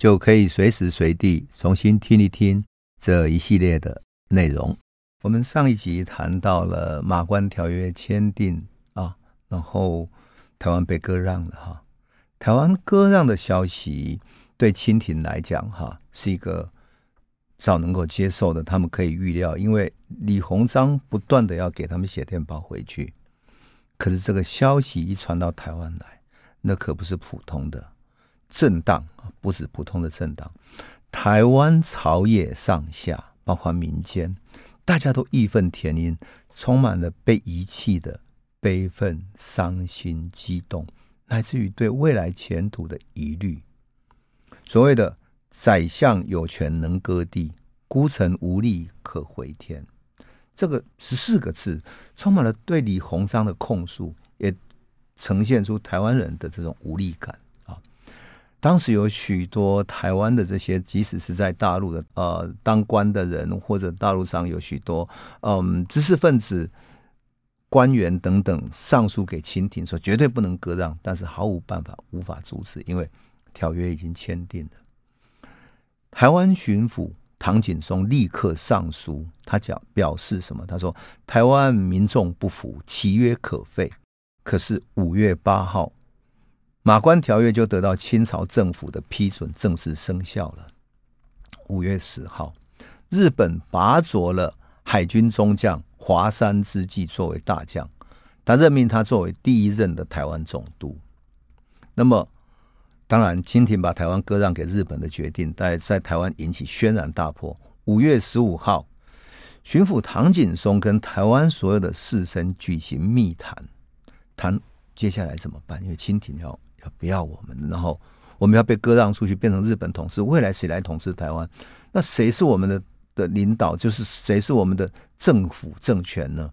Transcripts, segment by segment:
就可以隨時隨地重新聽一聽這一系列的內容。我們上一集談到了《馬關條約》簽訂啊，然後台灣被割讓了哈、啊。台灣割讓的消息對清廷來講哈、啊，是一個早能夠接受的，他們可以預料，因為李鴻章不斷的要給他們寫電報回去。可是這個消息一傳到台灣來，那可不是普通的。震盪，不止普通的震盪。台灣朝野上下，包括民間，大家都義憤填膺，充滿了被遺棄的悲憤、傷心、激動，來自於對未來前途的疑慮。所謂的“宰相有權能割地，孤臣無力可回天”，這個十四個字，充滿了對李鴻章的控訴，也呈現出台灣人的這種無力感。當時有許多台灣的這些，即使是在大陸的呃當官的人，或者大陸上有許多嗯知識分子、官員等等，上書給清廷說絕對不能割讓，但是毫無辦法，無法阻止，因為條約已經簽訂了。台灣巡撫唐景崧立刻上書，他講表示什麼？他說台灣民眾不服，其約可廢。可是五月八號。馬關條約就得到清朝政府的批准，正式生效了。五月十號，日本拔擢了海軍中將樺山資紀作為大將，他任命他作為第一任的台灣總督。那麼，當然，清廷把台灣割讓給日本的決定，在在台灣引起軒然大波。五月十五號，巡撫唐景崧跟台灣所有的士紳舉行密談，談接下來怎麼辦，因為清廷要。不要我們，然後我們要被割讓出去，變成日本統治。未來誰來統治台灣？那誰是我們的的領導？就是誰是我們的政府政權呢？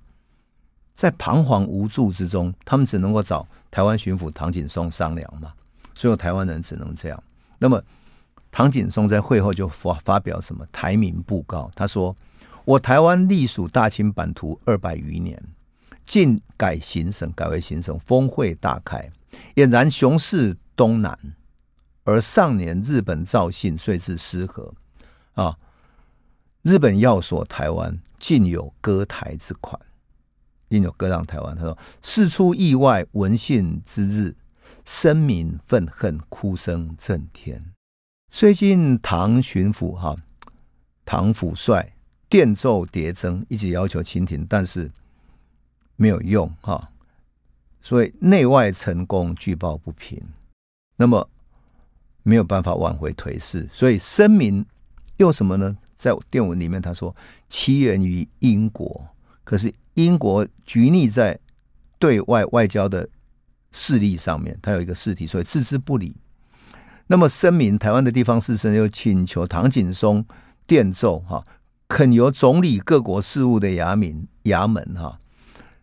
在彷徨無助之中，他們只能夠找台灣巡撫唐景崧商量嘛。所以有台灣人只能這樣。那麼，唐景崧在會後就發發表什麼台民布告，他說：“我台灣隸屬大清版圖二百餘年，近改行省，改為行省，風會大開。”儼然雄視東南，而上年日本造釁遂至失和。啊！日本要索台灣，竟有割台之款，竟有割讓台灣。他說：事出意外，聞信之日，生民憤恨，哭聲震天。最近唐巡撫哈、啊，唐撫帥電奏疊增，一直要求清廷，但是沒有用哈。啊所以內外成功，舉報不平，那麼沒有辦法挽回頹勢。所以聲明又什麼呢？在電文裡面他說：“起源於英國，可是英國拘泥在對外外交的勢力上面，他有一個實體，所以置之不理。”那麼聲明台灣的地方士紳又請求唐景崧電奏哈，懇由總理各國事務的衙門衙門哈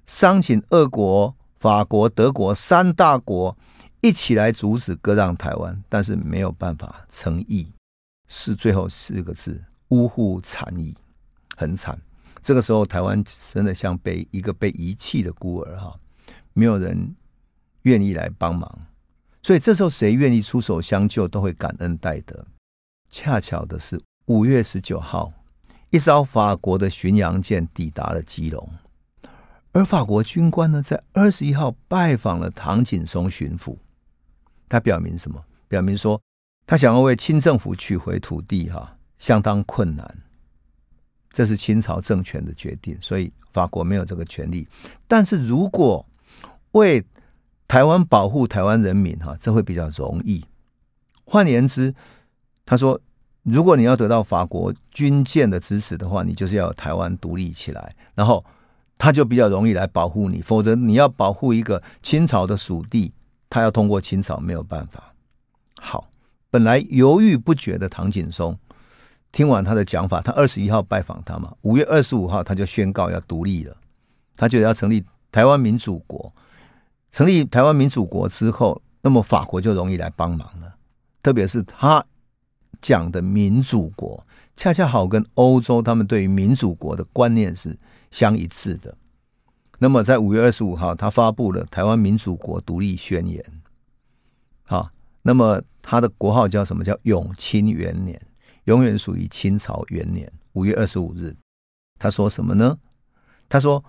商請各國。法國、德國三大國一起來阻止割讓台灣，但是沒有辦法成議，是最後四個字“嗚呼慘矣”，很慘。這個時候，台灣真的像被一個被遺棄的孤兒哈，沒有人願意來幫忙。所以這時候，誰願意出手相救，都會感恩戴德。恰巧的是，五月十九號，一艘法國的巡洋艦抵達了基隆。而法國軍官呢，在二十一號拜訪了唐景崧巡撫，他表明什麼？表明說他想要為清政府取回土地，啊，哈，相當困難。這是清朝政權的決定，所以法國沒有這個權利。但是如果為台灣保護台灣人民，啊，哈，這會比較容易。換言之，他說，如果你要得到法國軍艦的支持的話，你就是要台灣獨立起來，然後，他就比較容易來保護你，否則你要保護一個清朝的屬地，他要通過清朝沒有辦法。好，本來猶豫不決的唐景崧，聽完他的講法，他二十一號拜訪他嘛，五月二十五號他就宣告要獨立了，他就要成立台灣民主國。成立台灣民主國之後，那麼法國就容易來幫忙了，特別是他講的民主國。恰恰好跟歐洲他們對於民主國的觀念是相一致的。那麼，在五月二十五號，他發佈了《台灣民主國獨立宣言》。好，那麼他的國號叫什麼？叫永清元年，永遠屬於清朝元年。五月二十五日，他說什麼呢？他說：“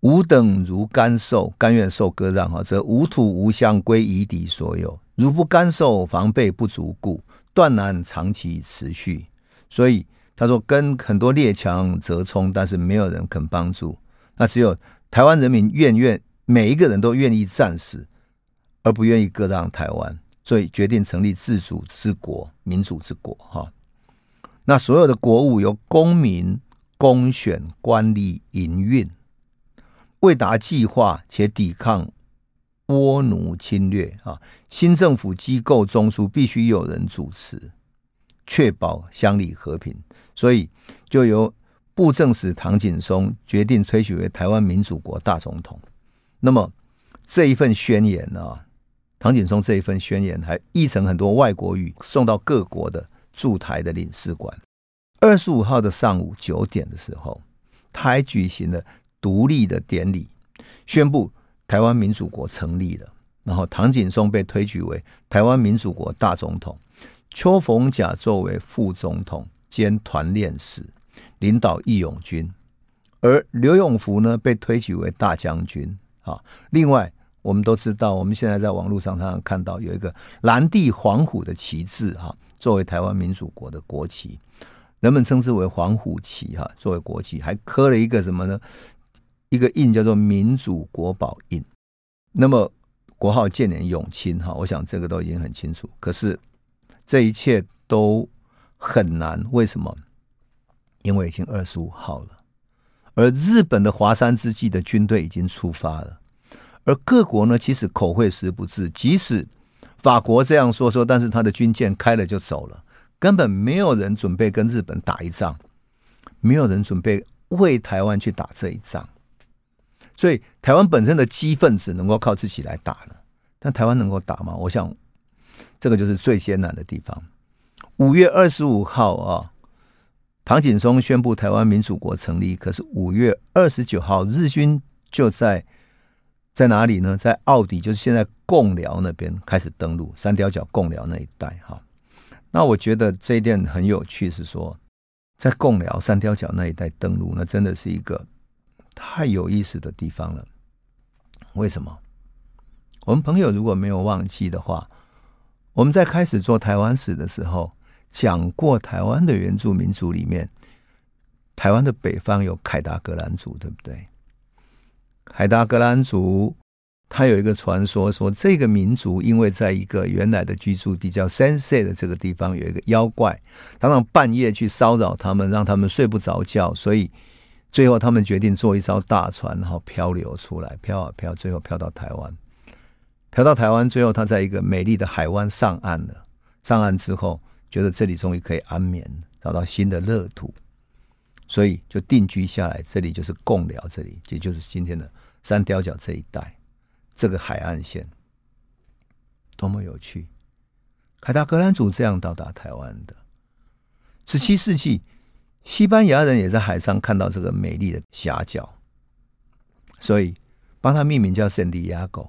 吾等如甘受，甘願受割讓，哈，則吾土吾鄉歸夷狄所有；如不甘受，防備不足，故斷難長期持續。”所以他說，跟很多列強折衝，但是沒有人肯幫助。那只有台灣人民願願每一個人都願意戰死，而不願意割讓台灣，所以決定成立自主之國、民主之國。哈，那所有的國務由公民公選官吏營運，為達計劃且抵抗倭奴侵略啊，新政府機構中樞必須有人主持。確保鄉里和平，所以就由布政使唐景崧決定推舉為台灣民主國大總統。那麼這一份宣言呢、啊，唐景崧這一份宣言還譯成很多外國語，送到各國的駐台的領事館。二十五號的上午九點的時候，他還舉行了獨立的典禮，宣布台灣民主國成立了。然後唐景崧被推舉為台灣民主國大總統。邱逢甲作為副總統兼團練使，領導義勇軍，而劉永福呢，被推舉為大將軍啊。另外，我們都知道，我們現在在網絡上常常看到有一個藍地黃虎的旗幟哈、啊，作為台灣民主國的國旗，人們稱之為黃虎旗哈、啊，作為國旗還刻了一個什麼呢？一個印叫做民主國寶印。那麼國號建年永清哈、啊，我想這個都已經很清楚。可是。這一切都很難，為什麼？因為已經二十五號了，而日本的樺山資紀的軍隊已經出發了，而各國呢，其實口惠實不至，即使法國這樣說說，但是他的軍艦開了就走了，根本沒有人準備跟日本打一仗，沒有人準備為台灣去打這一仗，所以台灣本身的積憤只能夠靠自己來打了，但台灣能夠打嗎？我想。這個就是最艱難的地方。五月二十五號啊，唐景崧宣布台灣民主國成立。可是五月二十九號，日軍就在在哪裡呢？在澳底，就是現在貢寮那邊開始登陸。三貂角貢寮那一帶，哈。那我覺得這一點很有趣，是說在貢寮、三貂角那一帶登陸，那真的是一個太有意思的地方了。為什麼？我們朋友如果沒有忘記的話。我們在開始做台灣史的時候，講過台灣的原住民族裡面，台灣的北方有凱達格蘭族，對不對？凱達格蘭族，他有一個傳說，說這個民族因為在一個原來的居住地叫 Sensei 的這個地方有一個妖怪，常常半夜去騷擾他們，讓他們睡不着覺，所以最後他們決定坐一艘大船，然後漂流出來，漂啊漂，最後漂到台灣。漂到台灣，最後他在一個美麗的海灣上岸了。上岸之後，覺得這裡終於可以安眠，找到新的樂土，所以就定居下來。這裡就是貢寮，這裡也就是今天的三貂角這一帶，這個海岸線多麼有趣！凱達格蘭族這樣到達台灣的。十七世紀，西班牙人也在海上看到這個美麗的峽角，所以幫他命名叫聖地亞哥。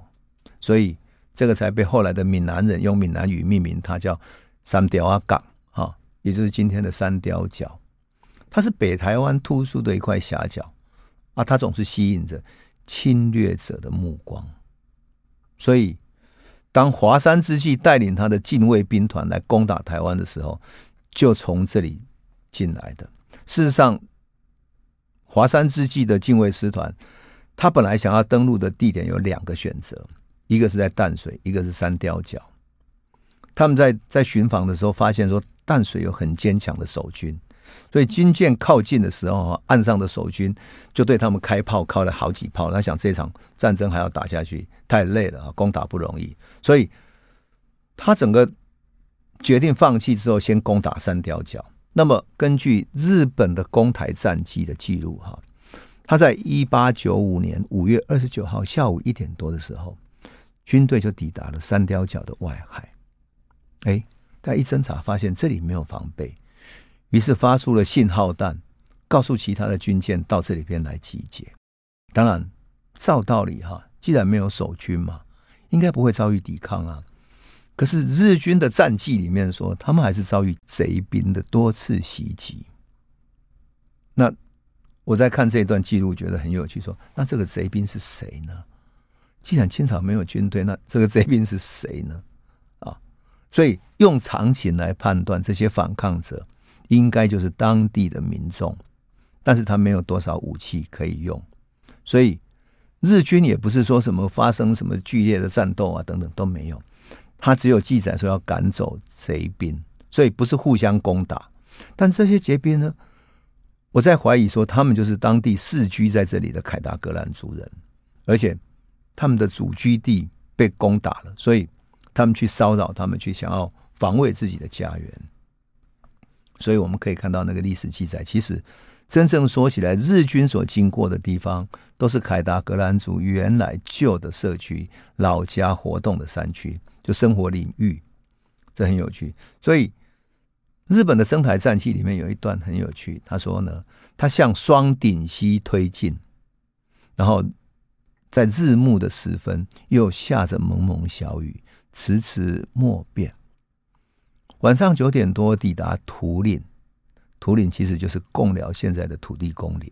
所以，這個才被後來的閩南人用閩南語命名，它叫三貂阿港，啊，也就是今天的三貂角。它是北台灣突出的一塊狹角啊，它總是吸引着侵略者的目光。所以，當樺山資紀帶領他的近衛兵團來攻打台灣的時候，就從這裡進來的。事實上，樺山資紀的近衛師團，他本來想要登陸的地點有兩個選擇。一個是在淡水，一個是三貂角，他們在在巡防的時候發現說淡水有很堅強的守軍，所以軍艦靠近的時候，岸上的守軍就對他們開炮，開了好幾炮。他想這場戰爭還要打下去，太累了，攻打不容易，所以他整個決定放棄之後，先攻打三貂角，那麼根據日本的攻台戰記的記錄，哈，他在一八九五年五月二十九號下午一點多的時候。軍隊就抵達了三貂角的外海，哎、欸，他一偵查發現這裡沒有防備，於是發出了信號彈，告訴其他的軍艦到這裡邊來集結。當然，照道理哈、啊，既然沒有守軍嘛，應該不會遭遇抵抗啊。可是日軍的戰績裡面說，他們還是遭遇賊兵的多次襲擊。那我在看這一段記錄，覺得很有趣說，說那這個賊兵是誰呢？既然清朝沒有軍隊，那這個賊兵是誰呢？啊，所以用場景來判斷，這些反抗者應該就是當地的民眾，但是他沒有多少武器可以用，所以日軍也不是說什麼發生什麼劇烈的戰鬥啊等等都沒有，他只有記載說要趕走賊兵，所以不是互相攻打。但這些賊兵呢，我在懷疑說他們就是當地世居在這裡的凱達格蘭族人，而且。他們的祖居地被攻打了，所以他們去騷擾，他們去想要防衛自己的家園。所以我們可以看到那個歷史記載，其實真正說起來，日軍所經過的地方，都是凱達格蘭族原來舊的社區、老家、活動的山區，就生活領域，這很有趣。所以日本的征台戰記裡面有一段很有趣，他說呢，他向雙頂溪推進，然後。在日暮的時分，又下着蒙蒙小雨，遲遲莫變。晚上九點多抵達土嶺，土嶺其實就是貢寮現在的土地公嶺，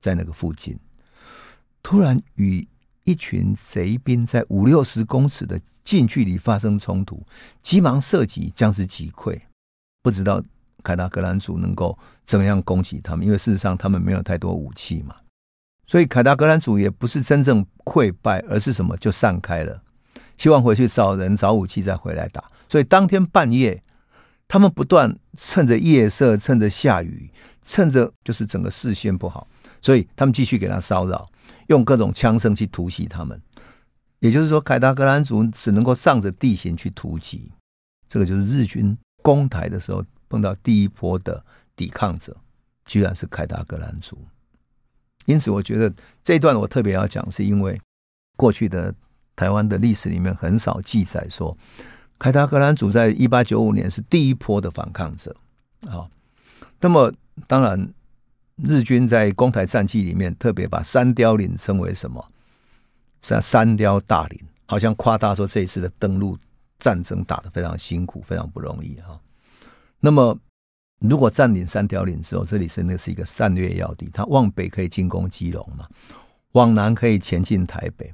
在那個附近，突然與一群賊兵在五六十公尺的近距離發生衝突，急忙射擊，將之擊潰。不知道凱達格蘭族能夠怎樣攻擊他們，因為事實上他們沒有太多武器嘛。所以凱達格蘭族也不是真正潰敗，而是什麼就散開了，希望回去找人、找武器再回來打。所以當天半夜，他們不斷趁着夜色、趁着下雨、趁着就是整個視線不好，所以他們繼續給他騷擾，用各種槍聲去突襲他們。也就是說，凱達格蘭族只能夠仗着地形去突擊。這個就是日軍攻台的時候碰到第一波的抵抗者，居然是凱達格蘭族。因此，我覺得這一段我特別要講，是因為過去的台灣的歷史裡面很少記載說，凱達格蘭族在一八九五年是第一波的反抗者。啊，那麼當然，日軍在攻台戰記裡面特別把三貂嶺稱為什麼？是三貂大嶺，好像誇大說這一次的登陸戰爭打得非常辛苦，非常不容易哈，那麼。如果佔領三條嶺之後，這裡是，那是一個戰略要地，它往北可以進攻基隆嘛，往南可以前進台北。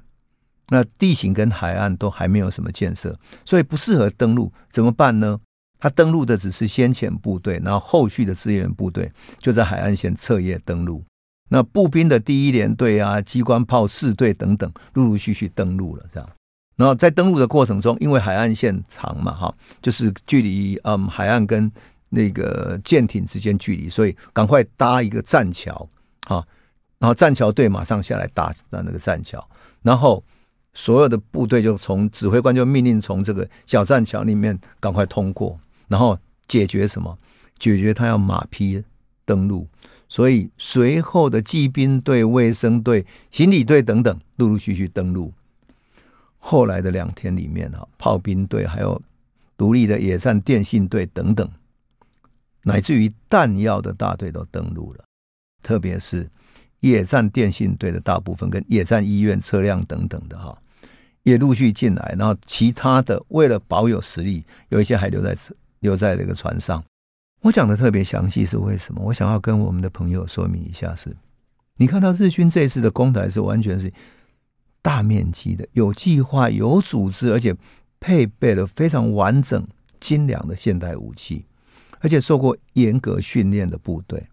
那地形跟海岸都還沒有什麼建設，所以不適合登陸，怎麼辦呢？他登陸的只是先遣部隊，然後後續的支援部隊就在海岸線徹夜登陸。那步兵的第一聯隊啊、機關炮四隊等等，陸陸續續登陸了這樣。然後在登陸的過程中，因為海岸線長嘛，哈，就是距離，嗯，海岸跟那個艦艇之間距離，所以趕快搭一個棧橋啊！然後棧橋隊馬上下來搭那個棧橋，然後所有的部隊就從指揮官就命令從這個小棧橋裡面趕快通過，然後解決什麼？解決他要馬匹登陸，所以隨後的騎兵隊、衛生隊、行李隊等等，陸陸續續登陸。後來的兩天裡面啊，炮兵隊還有獨立的野戰電信隊等等。乃至於彈藥的大隊都登陸了，特別是野戰電信隊的大部分，跟野戰醫院車輛等等的哈，也陸續進來。然後其他的為了保有實力，有一些還留在留在這個船上。我講的特別詳細是為什麼？我想要跟我們的朋友說明一下是，是你看到日軍這次的攻台是完全是大面積的，有計劃、有組織，而且配備了非常完整、精良的現代武器。而且受過嚴格訓練的部隊，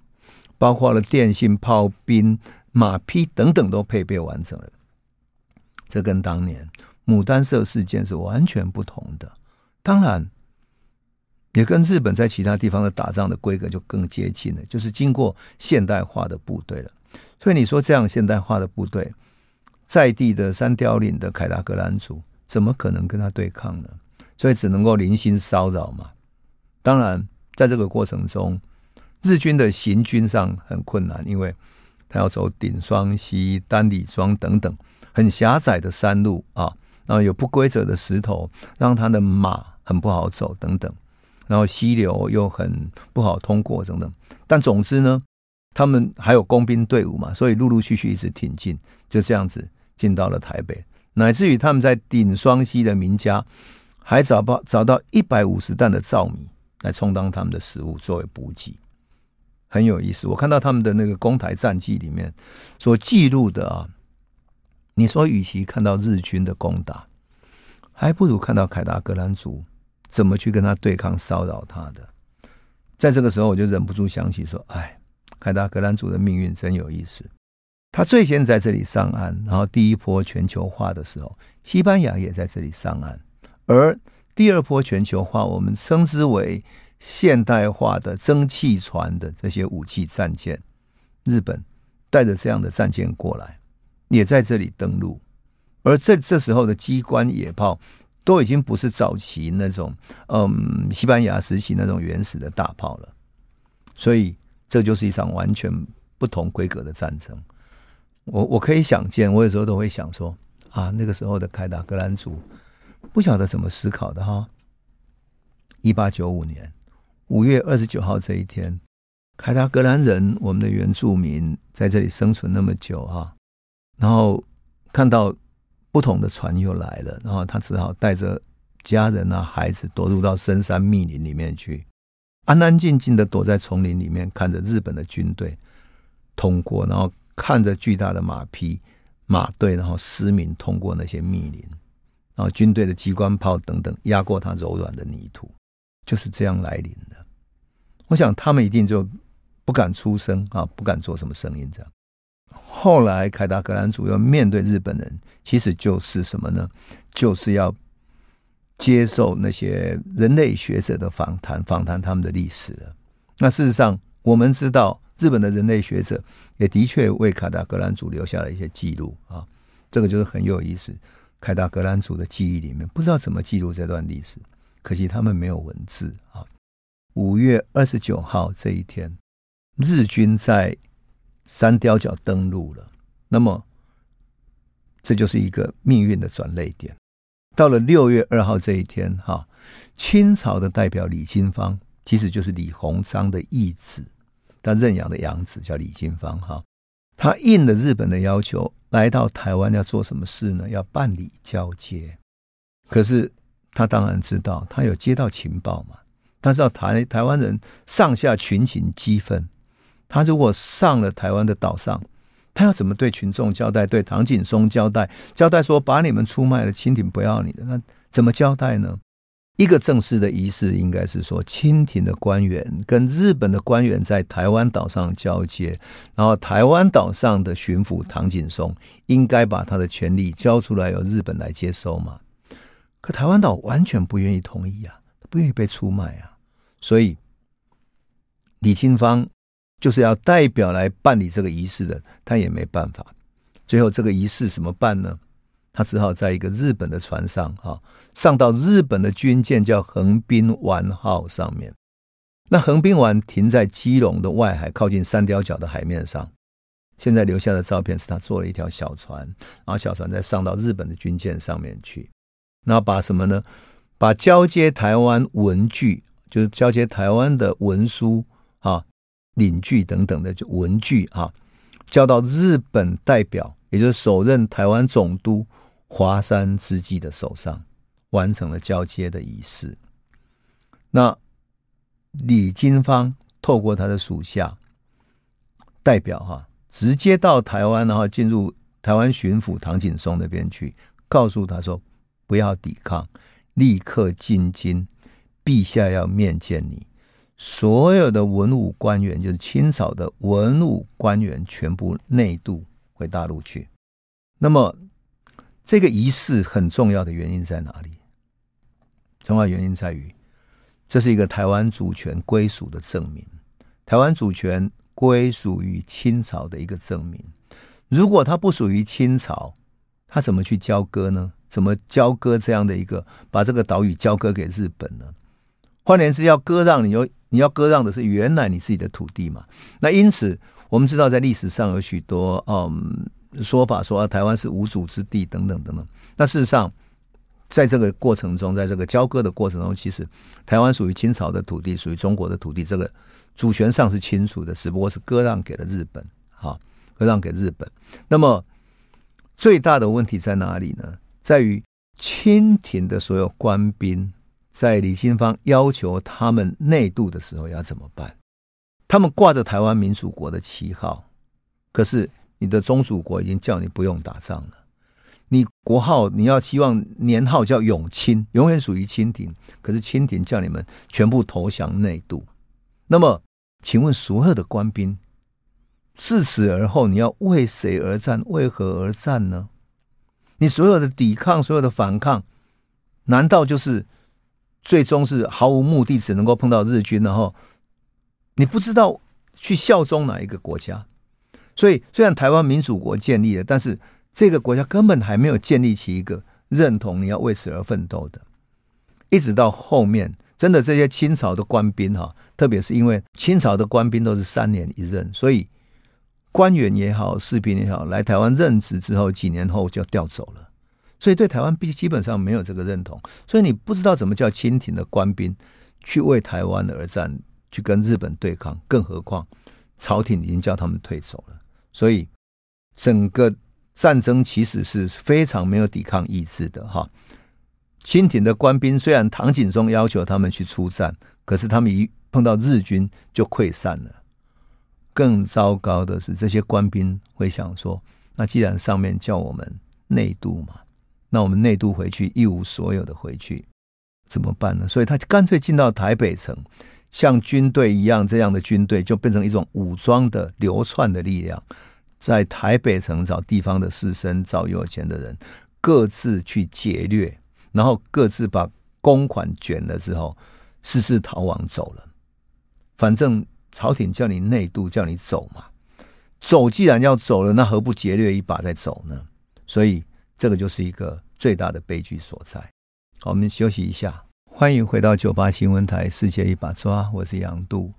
包括了電信、炮兵、馬匹等等，都配備完整了。這跟當年牡丹社事件是完全不同的。當然，也跟日本在其他地方的打仗的規格就更接近了，就是經過現代化的部隊了。所以你說這樣現代化的部隊，在地的三貂嶺的凱達格蘭族，怎麼可能跟他對抗呢？所以只能夠零星騷擾嘛。當然。在這個過程中，日軍的行軍上很困難，因為他要走頂雙溪、丹里莊等等很狹窄的山路啊，然後有不規則的石頭，讓他的馬很不好走等等，然後溪流又很不好通過等等。但總之呢，他們還有工兵隊伍嘛，所以陸陸續續一直挺進，就這樣子進到了台北，乃至於他們在頂雙溪的民家還找到找到一百五十擔的稻米。來充當他們的食物，作為補給，很有意思。我看到他們的那個《攻台戰紀》裡面所記錄的啊，你說，與其看到日軍的攻打，還不如看到凱達格蘭族怎麼去跟他對抗、騷擾他的。在這個時候，我就忍不住想起說：“哎，凱達格蘭族的命運真有意思。他最先在這裡上岸，然後第一波全球化的時候，西班牙也在這裡上岸，而……”第二波全球化，我們稱之為現代化的蒸汽船的這些武器戰艦，日本帶着這樣的戰艦過來，也在這裡登陸。而這這時候的機關野炮都已經不是早期那種，嗯，西班牙時期那種原始的大炮了。所以這就是一場完全不同規格的戰爭。我我可以想見，我有時候都會想說啊，那個時候的凱達格蘭族。不曉得怎麼思考的哈。一八九五年五月二十九號這一天，凱達格蘭人，我們的原住民在這裡生存那麼久哈，然後看到不同的船又來了，然後他只好帶着家人啊、孩子躲入到深山密林裡面去，安安靜靜的躲在叢林裡面，看着日本的軍隊通過，然後看着巨大的馬匹馬隊，然後嘶鳴通過那些密林。然後軍隊的機關炮等等壓過它柔軟的泥土，就是這樣來臨的。我想他們一定就不敢出聲啊，不敢做什麼聲音這樣。後來凱達格蘭族要面對日本人，其實就是什麼呢？就是要接受那些人類學者的訪談，訪談他們的歷史。那事實上我們知道，日本的人類學者也的確為凱達格蘭族留下了一些記錄啊，這個就是很有意思。凱達格蘭族的記憶裡面，不知道怎麼記錄這段歷史。可惜他們沒有文字啊。五月二十九號這一天，日軍在三貂角登陸了。那麼，這就是一個命運的轉捩點。到了六月二號這一天，哈，清朝的代表李經方，其實就是李鴻章的義子，他認養的養子叫李經方哈。他應了日本的要求。來到台灣要做什麼事呢？要辦理交接。可是他當然知道，他有接到情報嘛。他知道台台灣人上下群情激憤，他如果上了台灣的島上，他要怎麼對群眾交代？對唐景崧交代？交代說把你們出賣了，清廷不要你的，那怎麼交代呢？一個正式的儀式，應該是說，清廷的官員跟日本的官員在台灣島上交接，然後台灣島上的巡撫唐景崧應該把他的權力交出來，由日本來接收嘛。可台灣島完全不願意同意啊，不願意被出賣啊，所以李經方就是要代表來辦理這個儀式的，他也沒辦法。最後，這個儀式怎麼辦呢？他只好在一個日本的船上，哈、啊，上到日本的軍艦，叫橫濱丸號上面。那橫濱丸停在基隆的外海，靠近三貂角的海面上。現在留下的照片是他坐了一條小船，然後小船再上到日本的軍艦上面去。那把什麼呢？把交接台灣文具，就是交接台灣的文書啊、領具等等的，文具啊，交到日本代表，也就是首任台灣總督。華山資紀的手上，完成了交接的儀式。那李經方透過他的屬下代表哈，直接到台灣，然後進入台灣巡撫唐景崧那邊去，告訴他說：“不要抵抗，立刻進京，陛下要面見你。所有的文武官員，就是清朝的文武官員，全部內渡回大陸去。”那麼。這個儀式很重要的原因在哪裡？重要原因在於，這是一個台灣主權歸屬的證明，台灣主權歸屬於清朝的一個證明。如果它不屬於清朝，它怎麼去交割呢？怎麼交割這樣的一個，把這個島嶼交割給日本呢？換言之，要割讓你，你又你要割讓的是原來你自己的土地嘛。那因此，我們知道在歷史上有許多嗯。說法說台灣是無主之地等等等等。那事實上，在這個過程中，在這個交割的過程中，其實台灣屬於清朝的土地，屬於中國的土地，這個主權上是清楚的，只不過是割讓給了日本，哈、哦，割讓給日本。那麼最大的問題在哪裡呢？在於清廷的所有官兵，在李經方要求他們內渡的時候要怎麼辦？他們掛着台灣民主國的旗號，可是。你的宗主國已經叫你不用打仗了，你國號你要希望年號叫永清，永遠屬於清廷。可是清廷叫你們全部投降內渡，那麼請問所有的官兵，自此而後，你要為誰而戰？為何而戰呢？你所有的抵抗，所有的反抗，難道就是最終是毫無目的，只能夠碰到日軍，然後你不知道去效忠哪一個國家？所以，雖然台灣民主國建立了，但是這個國家根本還沒有建立起一個認同你要為此而奮鬥的。一直到後面，真的這些清朝的官兵哈，特別是因為清朝的官兵都是三年一任，所以官員也好，士兵也好，來台灣任職之後，幾年後就調走了，所以對台灣基基本上沒有這個認同。所以你不知道怎麼叫清廷的官兵去為台灣而戰，去跟日本對抗，更何況朝廷已經叫他們退走了。所以，整個戰爭其實是非常沒有抵抗意志的哈。清廷的官兵雖然唐景崧要求他們去出戰，可是他們一碰到日軍就潰散了。更糟糕的是，這些官兵會想說：那既然上面叫我們內渡嘛，那我們內渡回去一無所有的回去怎麼辦呢？所以，他乾脆進到台北城。像軍隊一樣，這樣的軍隊就變成一種武裝的流竄的力量，在台北城找地方的士紳、找有錢的人，各自去劫掠，然後各自把公款捲了之後，私自逃亡走了。反正朝廷叫你內渡，叫你走嘛，走既然要走了，那何不劫掠一把再走呢？所以這個就是一個最大的悲劇所在。好，我們休息一下。歡迎回到九八新聞台，世界一把抓，我是楊渡。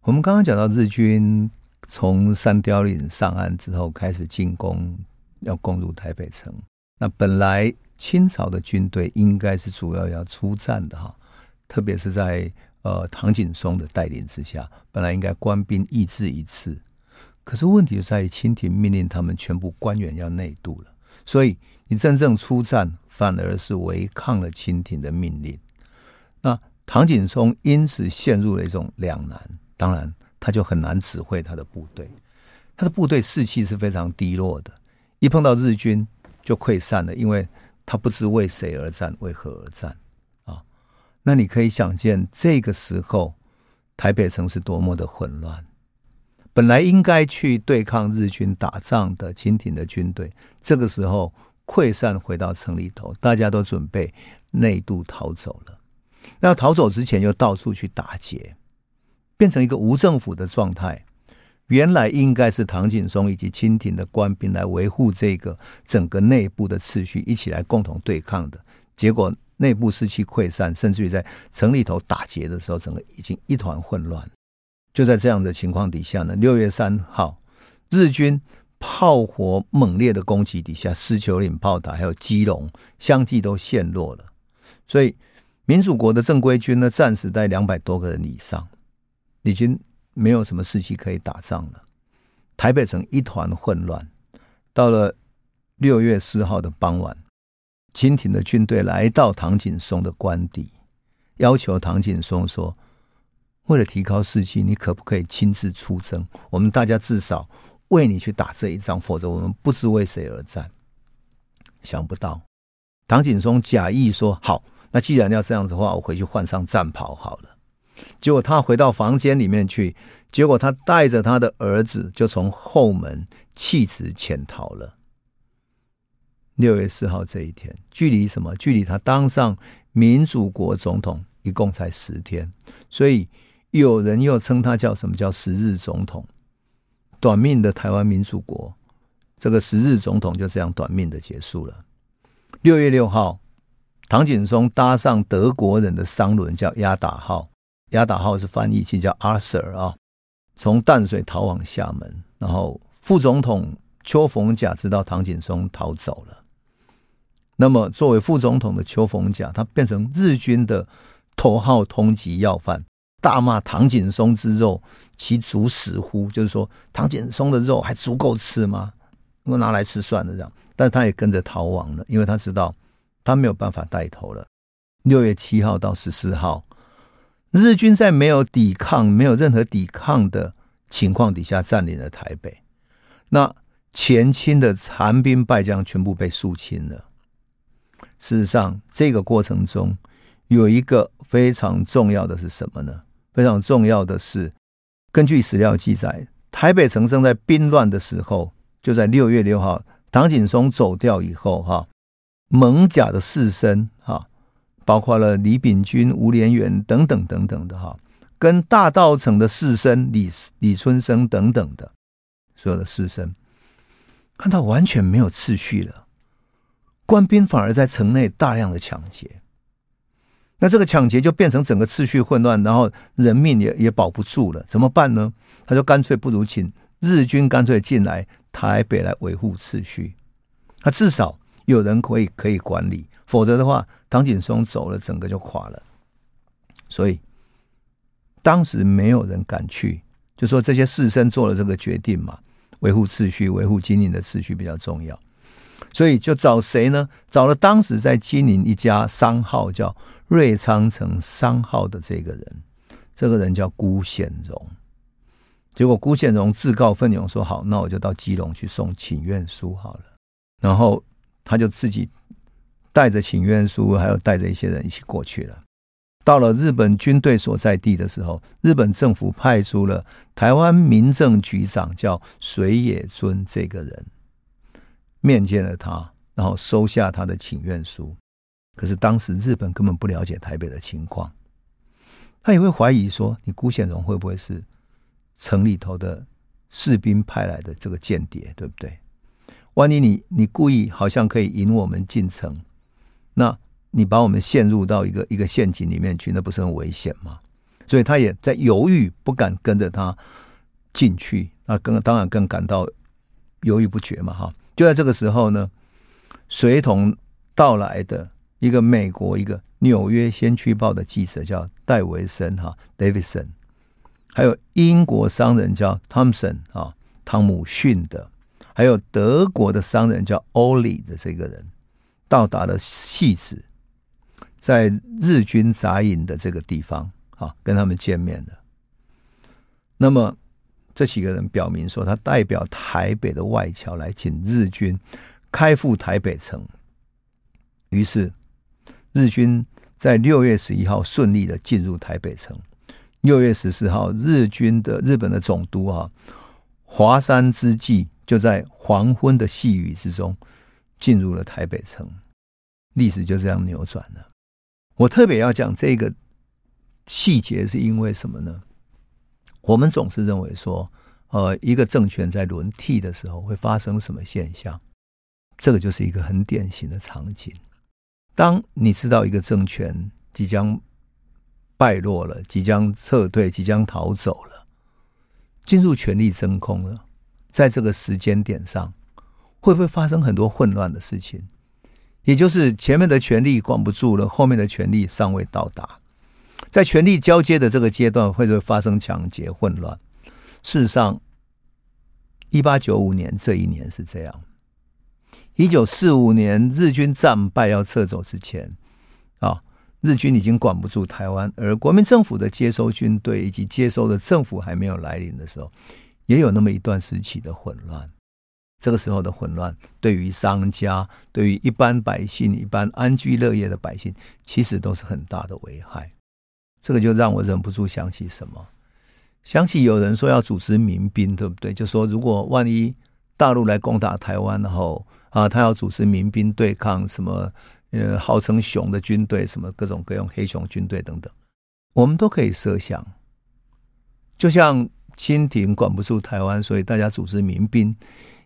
我們剛剛講到日軍從三貂嶺上岸之後開始進攻，要攻入台北城。那本來清朝的軍隊應該是主要要出戰的哈，特別是在呃唐景崧的帶領之下，本來應該官兵抑制一致一致，可是問題就在於清廷命令他們全部官員要內渡了，所以你真正出戰反而是違抗了清廷的命令。那唐景崧因此陷入了一種兩難，當然他就很難指揮他的部隊，他的部隊士氣是非常低落的，一碰到日軍就潰散了，因為他不知為誰而戰，為何而戰啊，哦？那你可以想見，這個時候台北城是多麼的混亂。本來應該去對抗日軍打仗的清廷的軍隊，這個時候潰散回到城裡頭，大家都準備內渡逃走了。那逃走之前又到處去打劫，變成一個無政府的狀態。原來應該是唐景崧以及清廷的官兵來維護這個整個內部的秩序，一起來共同對抗的結果。內部士氣潰散，甚至於在城裡頭打劫的時候，整個已經一團混亂。就在這樣的情況底下呢，六月三號，日軍炮火猛烈的攻擊底下，獅球嶺炮台還有基隆相繼都陷落了，所以。民主國的正規軍呢，暫時在兩百多個人以上，已經沒有什麼士氣可以打仗了。台北城一團混亂。到了六月四號的傍晚，清廷的軍隊來到唐景崧的官邸，要求唐景崧說：“為了提高士氣，你可不可以親自出征？我們大家至少為你去打這一仗，否則我們不知為誰而戰。”想不到，唐景崧假意說：“好。”那既然要這樣子的話，我回去換上戰袍好了。結果他回到房間裡面去，結果他帶着他的兒子就從後門棄職潛逃了。六月四號這一天，距離什麼？距離他當上民主國總統一共才十天，所以有人又稱他叫什麼，叫十日總統。短命的台灣民主國，這個十日總統就這樣短命的結束了。六月六號。唐景崧搭上德國人的商輪叫“亞打號”，“亞打號”是翻譯器叫“阿塞爾”啊。從淡水逃往廈門，然後副總統邱逢甲知道唐景崧逃走了。那麼，作為副總統的邱逢甲，他變成日軍的頭號通緝要犯，大罵唐景崧之肉其足食乎？就是說，唐景崧的肉還足夠吃嗎？如果拿來吃算了這樣。但是他也跟着逃亡了，因為他知道。他沒有辦法帶頭了。六月七號到十四號，日軍在沒有抵抗、沒有任何抵抗的情況底下占領了台北，那前清的殘兵敗將全部被肅清了。事實上，這個過程中有一個非常重要的是什麼呢？非常重要的是，根據史料記載，台北城正在兵亂的時候，就在六月六號，唐景崧走掉以後，哈。艋舺的士紳，哈，包括了李秉鈞、吳連元等等等等的哈，跟大稻埕的士紳李李春生等等的所有的士紳，看到完全沒有秩序了，官兵反而在城內大量的搶劫，那這個搶劫就變成整個秩序混亂，然後人命也也保不住了，怎麼辦呢？他就乾脆不如請日軍乾脆進來台北來維護秩序，他至少。有人可以可以管理，否則的話，唐景崧走了，整個就垮了。所以當時沒有人敢去，就說這些士紳做了這個決定嘛，維護秩序，維護金陵的秩序比較重要。所以就找誰呢？找了當時在金陵一家商號叫瑞昌成商號的這個人，這個人叫辜顯榮。結果辜顯榮自告奮勇說：“好，那我就到基隆去送請願書好了。”然後。他就自己帶着請願書，還有帶着一些人一起過去了。到了日本軍隊所在地的時候，日本政府派出了台灣民政局長叫水野尊這個人面見了他，然後收下他的請願書。可是當時日本根本不了解台北的情況，他也會懷疑說：你辜顯榮會不會是城裡頭的士兵派來的這個間諜，對不對？萬一你你故意好像可以引我們進城，那你把我們陷入到一個一個陷阱裡面去，那不是很危險嗎？所以他也在猶豫，不敢跟着他進去。那、啊、更當然更感到猶豫不決嘛，哈！就在這個時候呢，隨同到來的一個美國一個《紐約先驅報》的記者叫戴維森哈，Davidson，還有英國商人叫湯姆森啊，湯姆遜的。還有德國的商人叫歐里的這個人，到達了汐止，在日軍扎營的這個地方啊，跟他們見面的。那麼這幾個人表明說，他代表台北的外僑來請日軍開赴台北城。於是日軍在六月十一號順利的進入台北城。六月十四號，日軍的日本的總督啊，樺山資紀。就在黃昏的細雨之中，進入了台北城，歷史就這樣扭轉了。我特別要講這個細節，是因為什麼呢？我們總是認為說，呃，一個政權在輪替的時候會發生什麼現象？這個就是一個很典型的場景。當你知道一個政權即將敗落了，即將撤退，即將逃走了，進入權力真空了。在這個時間點上，會不會發生很多混亂的事情？也就是前面的權力管不住了，後面的權力尚未到達，在權力交接的這個階段，會不會發生搶劫、混亂？事實上，一八九五年這一年是這樣，一九四五年日軍戰敗要撤走之前，啊，日軍已經管不住台灣，而國民政府的接收軍隊以及接收的政府還沒有來臨的時候。也有那麼一段時期的混亂，這個時候的混亂，對於商家，對於一般百姓、一般安居樂業的百姓，其實都是很大的危害。這個就讓我忍不住想起什麼，想起有人說要組織民兵，對不對？就說如果萬一大陸來攻打台灣後，啊、呃，他要組織民兵對抗什麼？呃，號稱“熊”的軍隊，什麼各種各樣黑熊軍隊等等，我們都可以設想，就像。清廷管不住台灣，所以大家組織民兵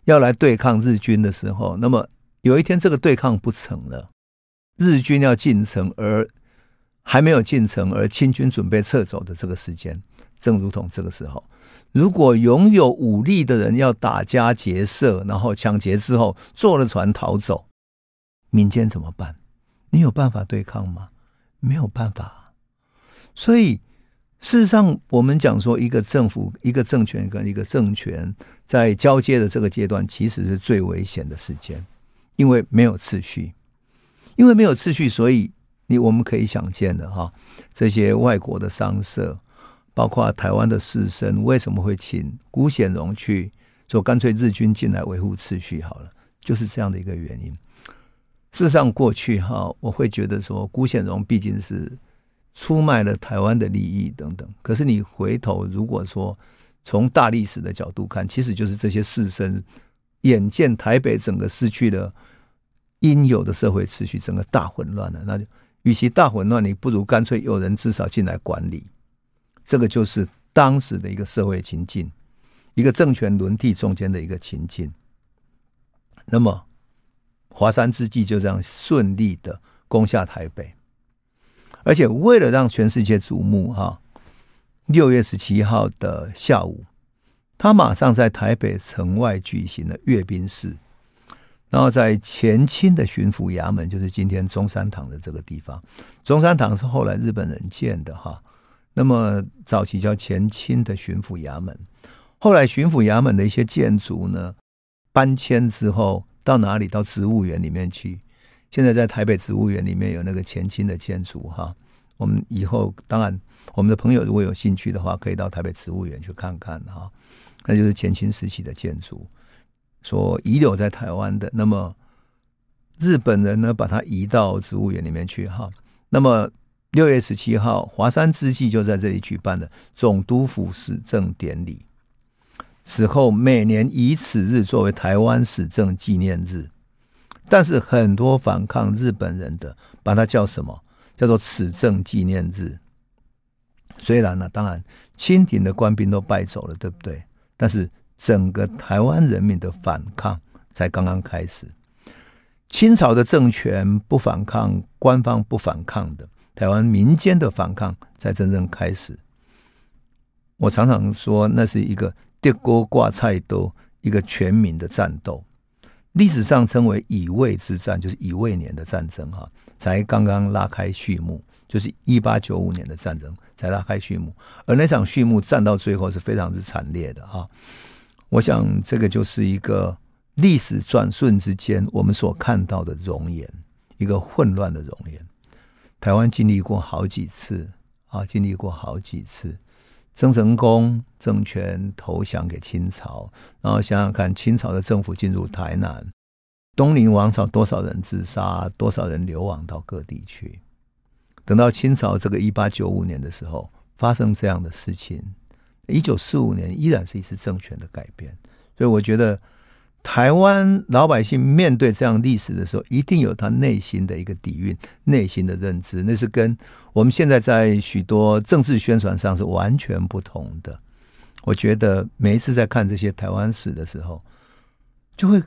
要來對抗日軍的時候，那麼有一天這個對抗不成了，日軍要進城，而還沒有進城，而清軍準備撤走的這個時間，正如同這個時候，如果擁有武力的人要打家劫舍，然後搶劫之後坐了船逃走，民間怎麼辦？你有辦法對抗嗎？沒有辦法，所以。事實上，我們講說一個政府、一個政權跟一個政權在交接的這個階段，其實是最危險的時間，因為沒有秩序。因為沒有秩序，所以你我們可以想見的哈，這些外國的商社，包括台灣的士紳，為什麼會請辜顯榮去做？乾脆日軍進來維護秩序好了，就是這樣的一個原因。事實上，過去哈，我會覺得說，辜顯榮畢竟是。出賣了台灣的利益等等。可是你回頭如果說從大歷史的角度看，其實就是這些士紳眼見台北整個失去了應有的社會秩序，整個大混亂了。那就與其大混亂，你不如乾脆有人至少進來管理。這個就是當時的一個社會情境，一個政權輪替中間的一個情境。那麼華山之際就這樣順利的攻下台北。而且為了讓全世界矚目，哈，六月十七號的下午，他馬上在台北城外舉行了閱兵式，然後在前清的巡撫衙門，就是今天中山堂的這個地方。中山堂是後來日本人建的，哈。那麼早期叫前清的巡撫衙門，後來巡撫衙門的一些建築呢，搬遷之後到哪裡？到植物園裡面去。現在在台北植物園裡面有那個前清的建築哈，我們以後當然我們的朋友如果有興趣的話，可以到台北植物園去看看哈，那就是前清時期的建築，所遺留在台灣的。那麼日本人呢，把它移到植物園裡面去哈。那麼六月十七號，樺山資紀就在這裡舉辦了總督府始政典禮，此後每年以此日作為台灣始政紀念日。但是很多反抗日本人的，把它叫什麼？叫做始政紀念日。雖然呢、啊，當然清廷的官兵都敗走了，對不對？但是整個台灣人民的反抗才剛剛開始。清朝的政權不反抗，官方不反抗的，台灣民間的反抗才真正開始。我常常說，那是一個德鍋掛菜刀，一個全民的戰鬥。歷史上稱為乙未之戰，就是乙未年的戰爭哈，才剛剛拉開序幕，就是1895年的戰爭才拉開序幕，而那場序幕戰到最後是非常之慘烈的哈。我想這個就是一個歷史轉瞬之間我們所看到的容顏，一個混亂的容顏。台灣經歷過好幾次啊，經歷過好幾次。鄭成功政權投降給清朝，然後想想看，清朝的政府進入台南，東寧王朝多少人自殺，多少人流亡到各地去。等到清朝這個一八九五年的時候發生這樣的事情，一九四五年依然是一次政權的改變，所以我覺得。台灣老百姓面對這樣歷史的時候，一定有他內心的一個底蘊、內心的認知，那是跟我們現在在許多政治宣傳上是完全不同的。我覺得每一次在看這些台灣史的時候，就會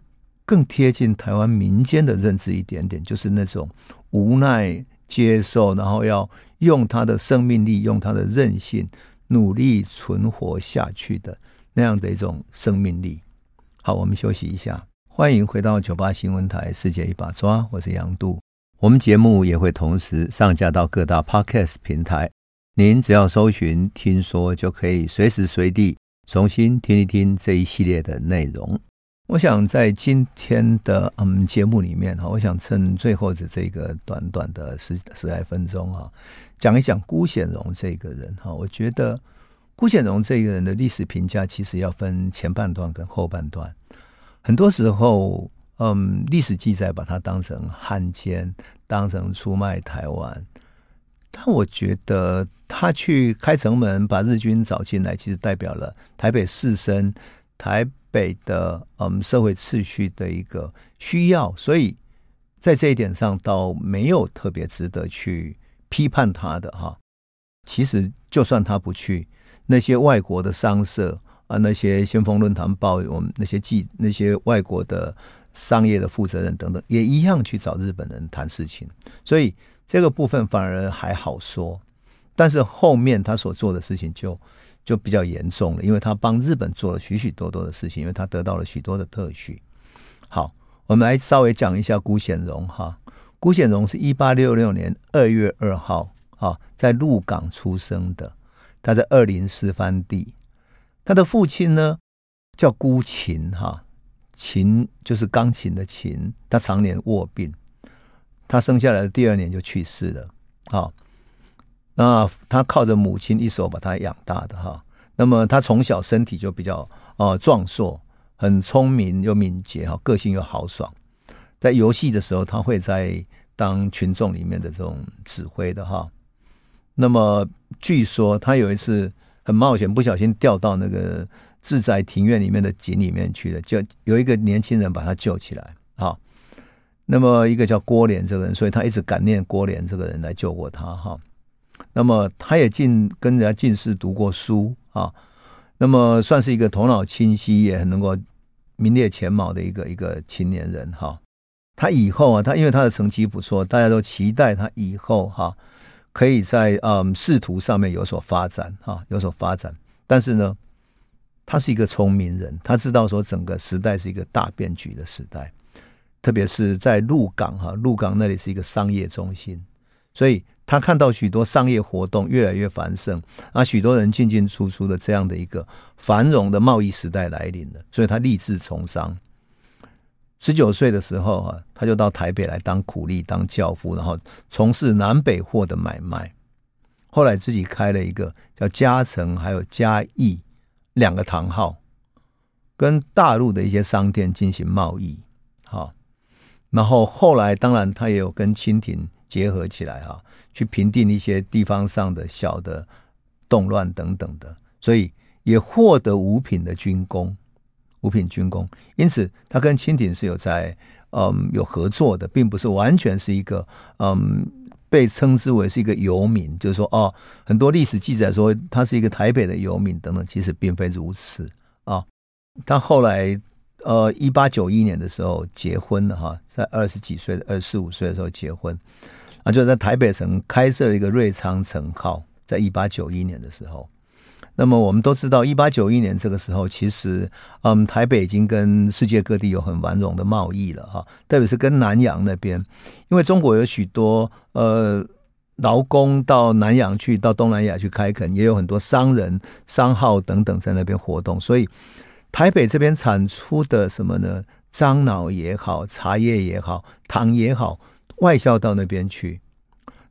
更貼近台灣民間的認知一點點，就是那種無奈接受，然後要用他的生命力、用他的韌性，努力存活下去的那樣的一種生命力。好，我們休息一下。歡迎回到九八新聞台《世界一把抓》，我是楊渡。我們節目也會同時上架到各大 Podcast 平台，您只要搜尋“聽說”，就可以隨時隨地重新聽一聽這一系列的內容。我想在今天的嗯節目裡面哈，我想趁最後的這個短短的十十來分鐘啊，講一講辜顯榮這個人哈。我覺得。辜顯榮這個人的歷史評價，其實要分前半段跟後半段。很多時候，嗯，歷史記載把他當成漢奸，當成出賣台灣。但我覺得他去開城門把日軍找進來，其實代表了台北士紳，台北的嗯社會秩序的一個需要。所以在這一點上，倒沒有特別值得去批判他的哈。其實，就算他不去。那些外國的商社啊，那些《先鋒論壇報》我們那些記那些外國的商業的負責人等等，也一樣去找日本人談事情。所以這個部分反而還好說，但是後面他所做的事情就就比較嚴重了，因為他幫日本做了許許多多的事情，因為他得到了許多的特許。好，我們來稍微講一下辜顯榮哈。辜顯榮是一八六六年二月二號啊，在鹿港出生的。他在二零四番地，他的父親呢叫孤琴哈，琴就是鋼琴的琴。他常年臥病，他生下來的第二年就去世了。好，那他靠着母親一手把他養大的哈。那麼他從小身體就比較哦壯碩，很聰明又敏捷哈，個性又豪爽。在遊戲的時候，他會在當群眾裡面的這種指揮的哈。那麼據說他有一次很冒險，不小心掉到那個自宅庭院裡面的井裡面去了，就有一個年輕人把他救起來。好、哦，那麼一個叫郭蓮這個人，所以他一直感念郭蓮這個人來救過他哈、哦。那麼他也進跟人家進士讀過書、哦、那麼算是一個頭腦清晰，也很能夠名列前茅的一個一個青年人哈、哦。他以後啊，他因為他的成績不錯，大家都期待他以後哈。哦可以在嗯仕途上面有所發展哈、啊，有所發展。但是呢，他是一個聰明人，他知道說整個時代是一個大變局的時代，特別是在鹿港哈、啊，鹿港那裡是一個商業中心，所以他看到許多商業活動越來越繁盛，啊，許多人進進出出的這樣的一個繁榮的貿易時代來臨了，所以他立志從商。十九歲的時候，啊，他就到台北來當苦力、當腳夫，然後從事南北貨的買賣。後來自己開了一個叫嘉誠、還有嘉義兩個堂號，跟大陸的一些商店進行貿易。好，然後後來當然他也有跟清廷結合起來，哈，去平定一些地方上的小的動亂等等的，所以也獲得五品的軍功。五品軍功，因此他跟清廷是有在嗯有合作的，並不是完全是一個嗯被稱之為是一個游民，就是說哦，很多歷史記載說他是一個台北的游民等等，其實並非如此啊。他、哦、後來呃，一八九一年的時候結婚了哈，在二十幾歲、二十四五歲的時候結婚啊，就在台北城開設了一個瑞昌城號，在一八九一年的時候。那麼我們都知道，一八九一年這個時候，其實，嗯，台北已經跟世界各地有很繁榮的貿易了，哈、啊，特別是跟南洋那邊，因為中國有許多呃勞工到南洋去，到東南亞去開墾，也有很多商人、商號等等在那邊活動，所以台北這邊產出的什麼呢？樟腦也好，茶葉也好，糖也好，外銷到那邊去，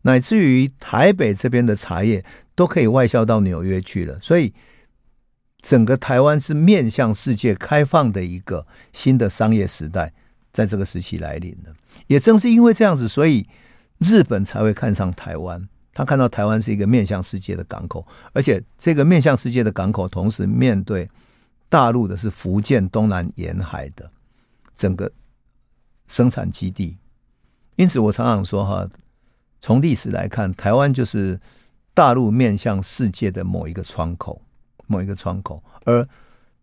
乃至於台北這邊的茶葉。都可以外銷到紐約去了，所以整個台灣是面向世界開放的一個新的商業時代，在這個時期來臨了。也正是因為這樣子，所以日本才會看上台灣。他看到台灣是一個面向世界的港口，而且這個面向世界的港口，同時面對大陸的是福建、東南沿海的整個生產基地。因此，我常常說哈，從歷史來看，台灣就是。大陸面向世界的某一個窗口，某一個窗口，而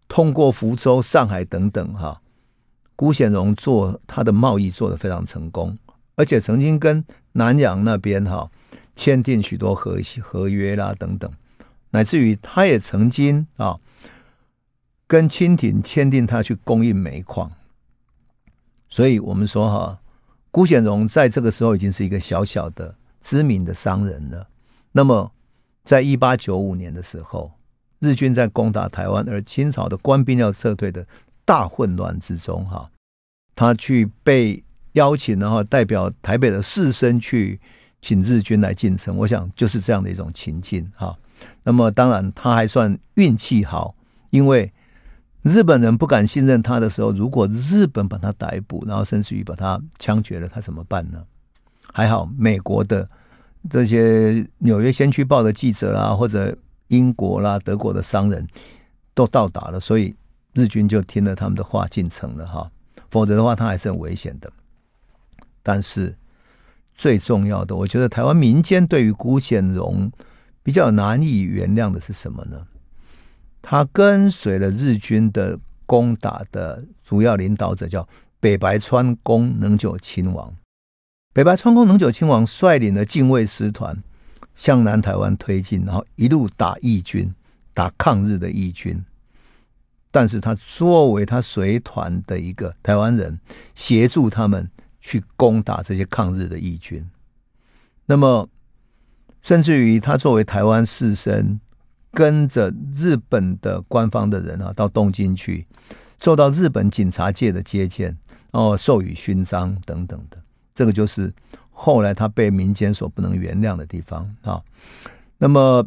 通過福州、上海等等哈，辜顯榮做他的貿易做得非常成功，而且曾經跟南洋那邊哈簽訂許多合合約啦等等，乃至於他也曾經啊跟清廷簽訂他去供應煤礦，所以我們說哈，辜顯榮在這個時候已經是一個小小的知名的商人了。那麼，在一八九五年的時候，日軍在攻打台灣，而清朝的官兵要撤退的大混亂之中，哈，他去被邀請，然後代表台北的士紳去請日軍來進城。我想就是這樣的一種情境，哈。那麼當然他還算運氣好，因為日本人不敢信任他的時候，如果日本把他逮捕，然後甚至於把他槍決了，他怎麼辦呢？還好美國的。這些紐約先驅報的記者啊，或者英國啦、德國的商人，都到達了，所以日軍就聽了他們的話進城了哈。否則的話，他還是很危險的。但是最重要的，我覺得台灣民間對於辜顯榮比較難以原諒的是什麼呢？他跟隨了日軍的攻打的主要領導者，叫北白川宮能久親王。北白川宮能久親王率領了近衛師團向南台灣推進，然後一路打義軍，打抗日的義軍。但是他作為他隨團的一個台灣人，協助他們去攻打這些抗日的義軍。那麼，甚至於他作為台灣士紳，跟着日本的官方的人啊，到東京去，受到日本警察界的接見，哦，授予勳章等等的。這個就是後來他被民間所不能原諒的地方啊。那麼，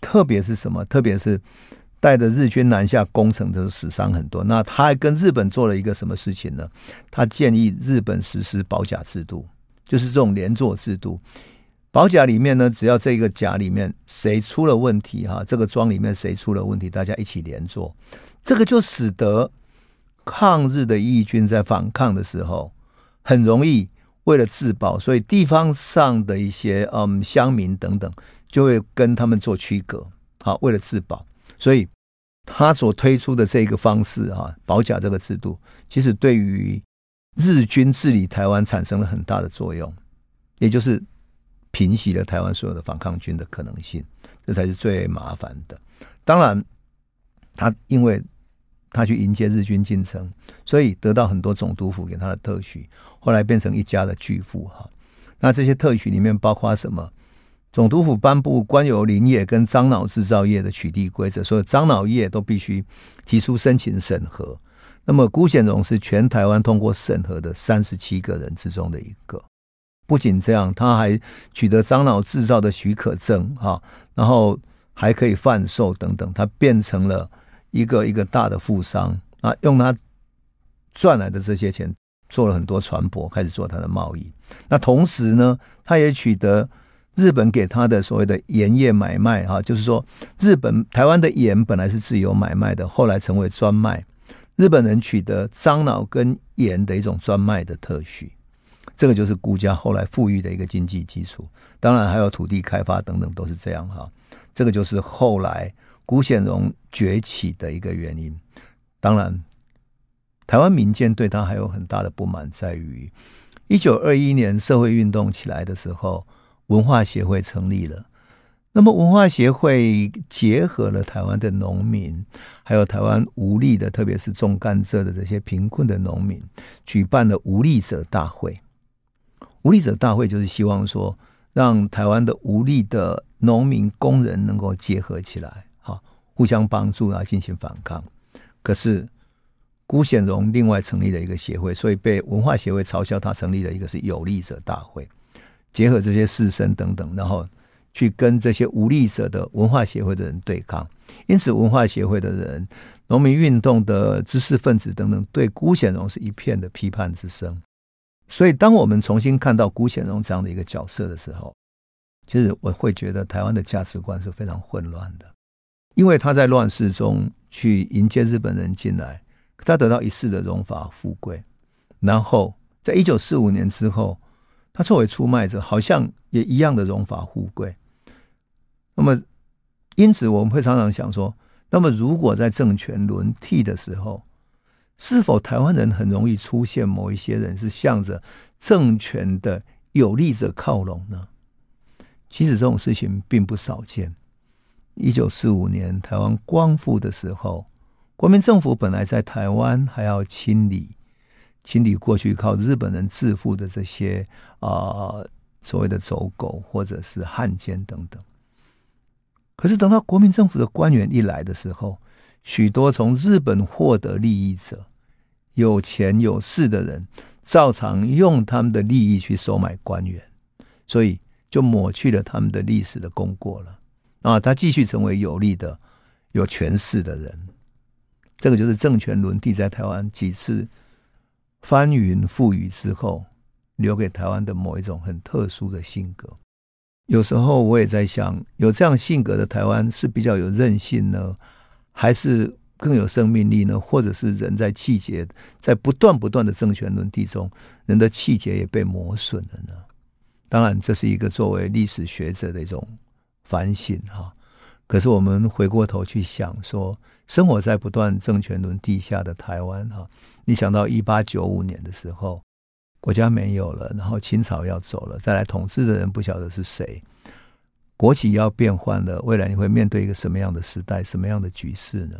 特別是什麼？特別是帶着日軍南下攻城的時候，死傷很多。那他還跟日本做了一個什麼事情呢？他建議日本實施保甲制度，就是這種連坐制度。保甲裡面呢，只要這個甲裡面誰出了問題，哈，這個莊裡面誰出了問題，大家一起連坐。這個就使得抗日的義軍在反抗的時候很容易。為了自保，所以地方上的一些嗯鄉民等等，就會跟他們做區隔。好，為了自保，所以他所推出的這個方式啊，保甲這個制度，其實對於日軍治理台灣產生了很大的作用，也就是平息了台灣所有的反抗軍的可能性，這才是最麻煩的。當然，他因為。他去迎接日軍進城，所以得到很多總督府給他的特許，後來變成一家的巨富哈。那這些特許裡面包括什麼？總督府頒布官有林業跟樟腦製造業的取締規則，所以樟腦業都必須提出申請審核。那麼辜顯榮是全台灣通過審核的三十七個人之中的一個。不僅這樣，他還取得樟腦製造的許可證哈，然後還可以販售等等，他變成了。一個一個大的富商啊，用他賺來的這些錢做了很多船舶，開始做他的貿易。那同時呢，他也取得日本給他的所謂的鹽業買賣哈，就是說日本台灣的鹽本來是自由買賣的，後來成為專賣。日本人取得樟腦跟鹽的一種專賣的特許，這個就是辜家後來富裕的一個經濟基礎。當然還有土地開發等等都是這樣哈。這個就是後來辜顯榮崛起的一個原因，當然，台灣民間對他還有很大的不滿，在於一九二一年社會運動起來的時候，文化協會成立了。那麼，文化協會結合了台灣的農民，還有台灣無力的，特別是種甘蔗的這些貧困的農民，舉辦了無力者大會。無力者大會就是希望說，讓台灣的無力的農民、工人能夠結合起來。互相幫助啊，進行反抗。可是辜顯榮另外成立了一個協會，所以被文化協會嘲笑他成立了一個是有力者大會，結合這些士紳等等，然後去跟這些無力者的文化協會的人對抗。因此，文化協會的人、農民運動的知識分子等等，對辜顯榮是一片的批判之聲。所以，當我們重新看到辜顯榮這樣的一個角色的時候，其實我會覺得台灣的價值觀是非常混亂的。因為他在亂世中去迎接日本人進來，他得到一世的榮華富貴。然後在一九四五年之後，他作為出賣者，好像也一樣的榮華富貴。那麼，因此我們會常常想說，那麼如果在政權輪替的時候，是否台灣人很容易出現某一些人是向着政權的有利者靠攏呢？其實這種事情並不少見。一九四五年台灣光復的時候，國民政府本來在台灣還要清理清理過去靠日本人致富的這些啊、呃、所謂的走狗或者是漢奸等等。可是等到國民政府的官員一來的時候，許多從日本獲得利益者、有錢有勢的人，照常用他們的利益去收買官員，所以就抹去了他們的歷史的功過了。啊，他繼續成為有力的、有權勢的人，這個就是政權輪替在台灣幾次翻雲覆雨之後，留給台灣的某一種很特殊的性格。有時候我也在想，有這樣性格的台灣是比較有韌性呢，還是更有生命力呢？或者是人在氣節，在不斷不斷的政權輪替中，人的氣節也被磨損了呢？當然，這是一個作為歷史學者的一種。反省哈、啊，可是我們回過頭去想說，生活在不斷政權輪替下的台灣哈、啊，你想到一八九五年的時候，國家沒有了，然後清朝要走了，再來統治的人不曉得是誰，國體要變換了，未來你會面對一個什麼樣的時代，什麼樣的局勢呢？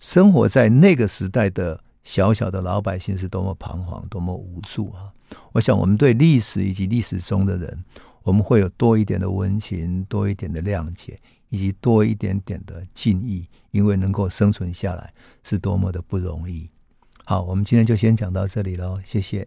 生活在那個時代的小小的老百姓是多麼彷徨，多麼無助啊！我想，我們對歷史以及歷史中的人。我們會有多一點的溫情，多一點的諒解，以及多一點點的敬意，因為能夠生存下來是多麼的不容易。好，我們今天就先講到這裡嘍，謝謝。